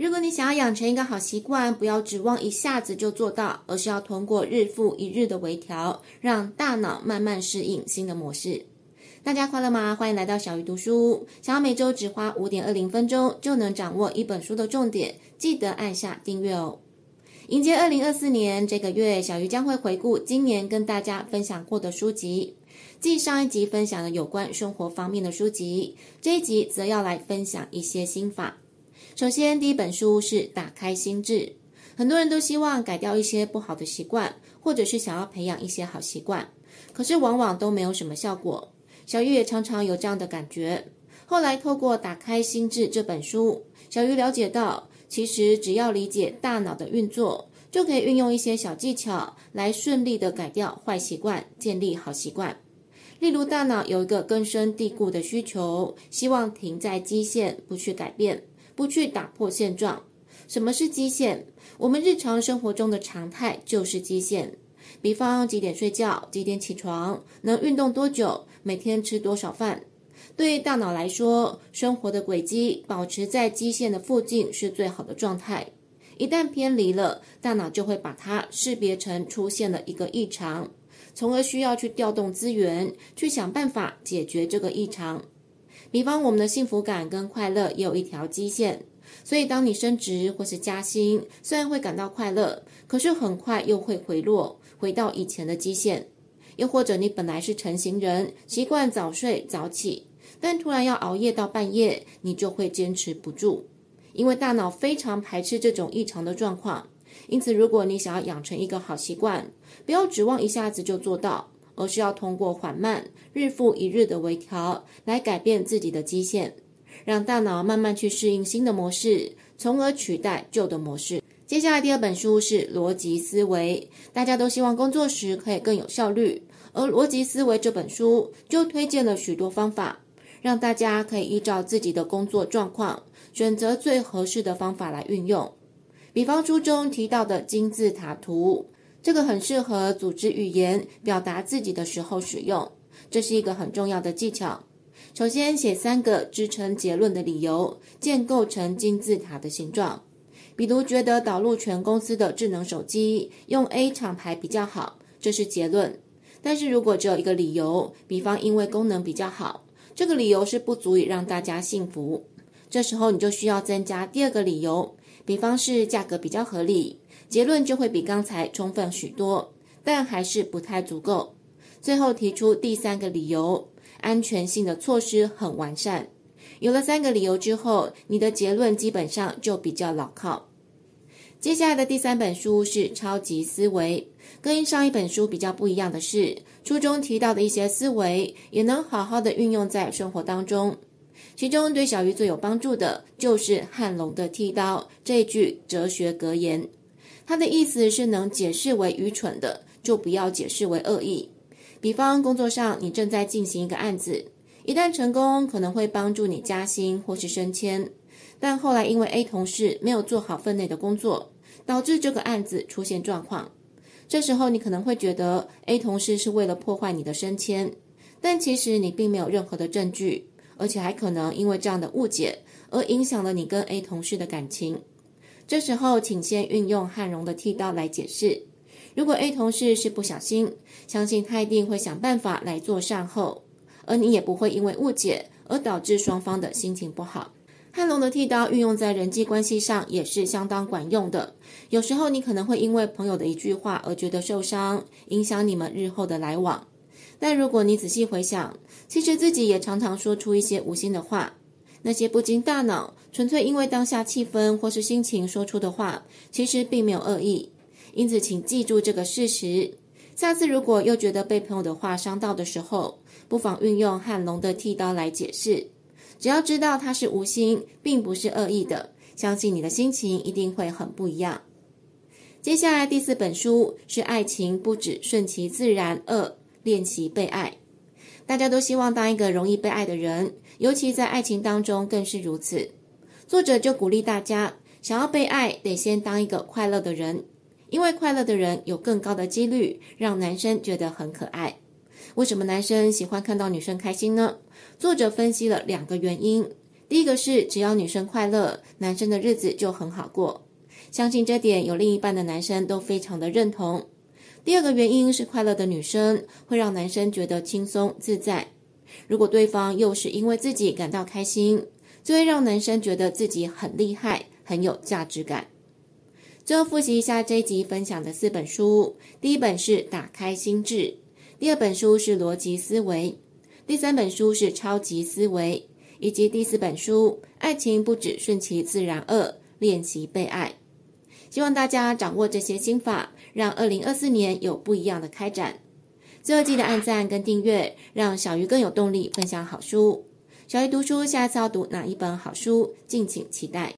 如果你想要養成一個好習慣，不要指望一下子就做到，而是要通過日復一日的微調，讓大腦慢慢適應新的模式。大家快樂嗎？歡迎來到小魚讀書。想要每周只花五點二零分鐘就能掌握一本書的重點，記得按下訂閱哦。迎接二零二四年這個月，小魚將會回顧今年跟大家分享過的書籍。繼上一集分享了有關生活方面的書籍，這一集則要來分享一些心法。首先，第一本書是《打開心智》。很多人都希望改掉一些不好的習慣，或者是想要培養一些好習慣，可是往往都沒有什麼效果。小魚也常常有這樣的感覺。後來，透過《打開心智》這本書，小魚了解到，其實只要理解大腦的運作，就可以運用一些小技巧來順利的改掉壞習慣，建立好習慣。例如，大腦有一個根深蒂固的需求，希望停在基線，不去改變。不去打破現狀，什麼是基線？我們日常生活中的常態就是基線。比方幾點睡覺，幾點起床，能運動多久，每天吃多少飯。對於大腦來說，生活的軌跡保持在基線的附近是最好的狀態。一旦偏離了，大腦就會把它識別成出現了一個異常，從而需要去調動資源，去想辦法解決這個異常。比方，我們的幸福感跟快樂也有一條基線，所以當你升職或是加薪，雖然會感到快樂，可是很快又會回落，回到以前的基線。又或者你本來是晨型人，習慣早睡早起，但突然要熬夜到半夜，你就會堅持不住，因為大腦非常排斥這種異常的狀況。因此，如果你想要養成一個好習慣，不要指望一下子就做到。而是要通過緩慢、日復一日的微調來改變自己的基線，讓大腦慢慢去適應新的模式，從而取代舊的模式。接下來第二本書是《邏輯思維》，大家都希望工作時可以更有效率，而《邏輯思維》這本書就推薦了許多方法，讓大家可以依照自己的工作狀況，選擇最合適的方法來運用。比方書中提到的金字塔圖。這個很適合組織語言表達自己的時候使用，這是一個很重要的技巧。首先寫三個支撐結論的理由，建構成金字塔的形狀。比如覺得導入全公司的智能手機用 A 廠牌比較好，這是結論。但是如果只有一個理由，比方因為功能比較好，這個理由是不足以讓大家信服。這時候你就需要增加第二個理由，比方是價格比較合理。結論就會比剛才充分許多，但還是不太足夠。最後提出第三個理由：安全性的措施很完善。有了三個理由之後，你的結論基本上就比較牢靠。接下來的第三本書是《超級思維》，跟上一本書比較不一樣的是，書中提到的一些思維也能好好的運用在生活當中。其中對小魚最有幫助的就是漢龍的剃刀這句哲學格言。他的意思是，能解釋為愚蠢的，就不要解釋為惡意。比方，工作上你正在進行一個案子，一旦成功，可能會幫助你加薪或是升遷。但後來因為 A 同事沒有做好分內的工作，導致這個案子出現狀況。這時候你可能會覺得 A 同事是為了破壞你的升遷，但其實你並沒有任何的證據，而且還可能因為這樣的誤解而影響了你跟 A 同事的感情。這時候，請先運用漢龍的剃刀來解釋。如果 A 同事是不小心，相信他一定會想辦法來做善後，而你也不會因為誤解而導致雙方的心情不好。漢龍的剃刀運用在人際關係上也是相當管用的。有時候你可能會因為朋友的一句話而覺得受傷，影響你們日後的來往。但如果你仔細回想，其實自己也常常說出一些無心的話。那些不經大腦、純粹因為當下氣氛，或是心情說出的話，其實並沒有惡意。因此，請記住這個事實。下次如果又覺得被朋友的話傷到的時候，不妨運用漢龍的剃刀來解釋。只要知道他是無心，並不是惡意的，相信你的心情一定會很不一樣。接下來第四本書是《愛情不止順其自然二：練習被愛》。大家都希望當一個容易被愛的人，尤其在愛情當中更是如此。作者就鼓勵大家，想要被愛，得先當一個快樂的人，因為快樂的人有更高的機率讓男生覺得很可愛。為什麼男生喜歡看到女生開心呢？作者分析了兩個原因，第一個是只要女生快樂，男生的日子就很好過。相信這點，有另一半的男生都非常的認同。第二個原因是快樂的女生會讓男生覺得輕鬆自在，如果對方又是因為自己感到開心，就會讓男生覺得自己很厲害，很有價值感。最後複習一下這一集分享的四本書：第一本是《打開心智》，第二本書是《邏輯思維》，第三本書是《超級思維》，以及第四本書《愛情不止順其自然二，練習被愛》。希望大家掌握這些心法，讓二零二四年有不一樣的開展。最後記得按讚跟訂閱，讓小魚更有動力分享好書。小魚讀書，下一次要讀哪一本好書，敬請期待。